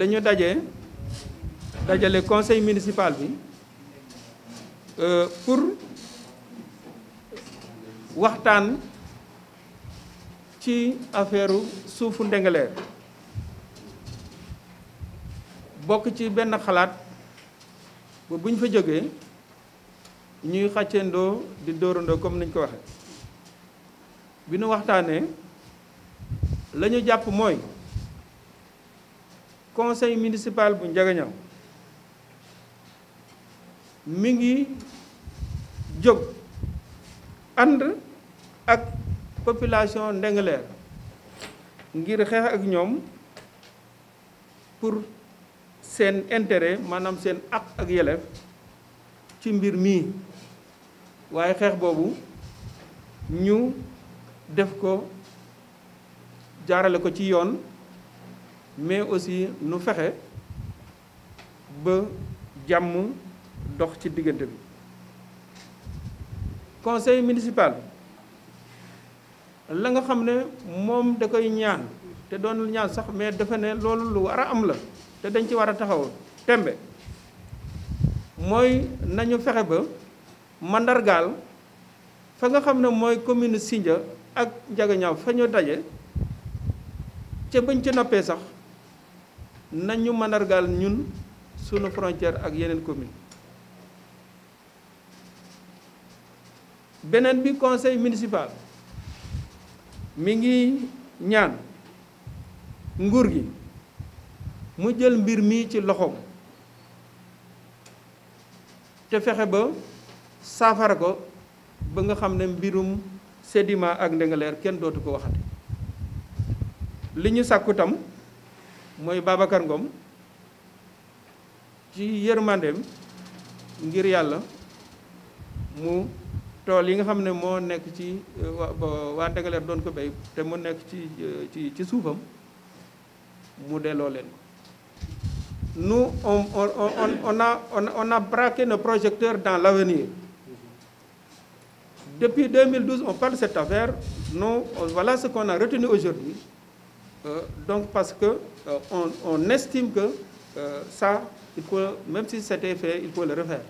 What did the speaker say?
dañu daje dajale conseil municipal bi euh, pour waxtaan ci affaire suufu Ndingler bokk ci benn xalaat ba bu ñu fa jógee ñuy xàccendoo di dóorandoo comme niñ ko waxee bi nu waxtaanee lañu jàpp mooy. conseil municipal bu Njagañaw mi ngi jog, and ak population ndengler ngir xex ak ñom pour sen intérêt manam sen ak ak yelef ci mbir mi waye xex bobu ñu def ko jaarale ko ci yoon mais aussi nous fexe ba jàmm dox ci diggante bi conseil municipal la nga xamné mom da koy ñaan té doonul ñaan sax mais dafa né loolu lu war am la té dañ ci wara taxaw tembe moy nañu fexé ba mandargal fa nga xamné moy commune Sindia ak Njagañaaw fa ñu dajé ci bañ ci noppé sax nañu manargal ñun suñu frontière ak yeneen commune benen bi conseil municipal mi ngi ñaan nguur gi mu jël mbir mi ci loxom te fexé ba safara ko ba nga xam mbirum sédiment ak ndengaler kenn dootu ko waxati liñu sakku tam moy Babacar Ngom ci yermandem ngir yalla mu tool yi nga xamne mo nek ci euh, wa Ndegaleer doon ko béy te mo nek euh, ci ci ci mu delo len nous on on on a on a braqué nos projecteurs dans l'avenir depuis 2012 on parle de cette affaire nous voilà ce qu'on a retenu aujourd'hui euh, donc parce que euh, on, estime que euh, ça, même si c'était fait, il peut le refaire.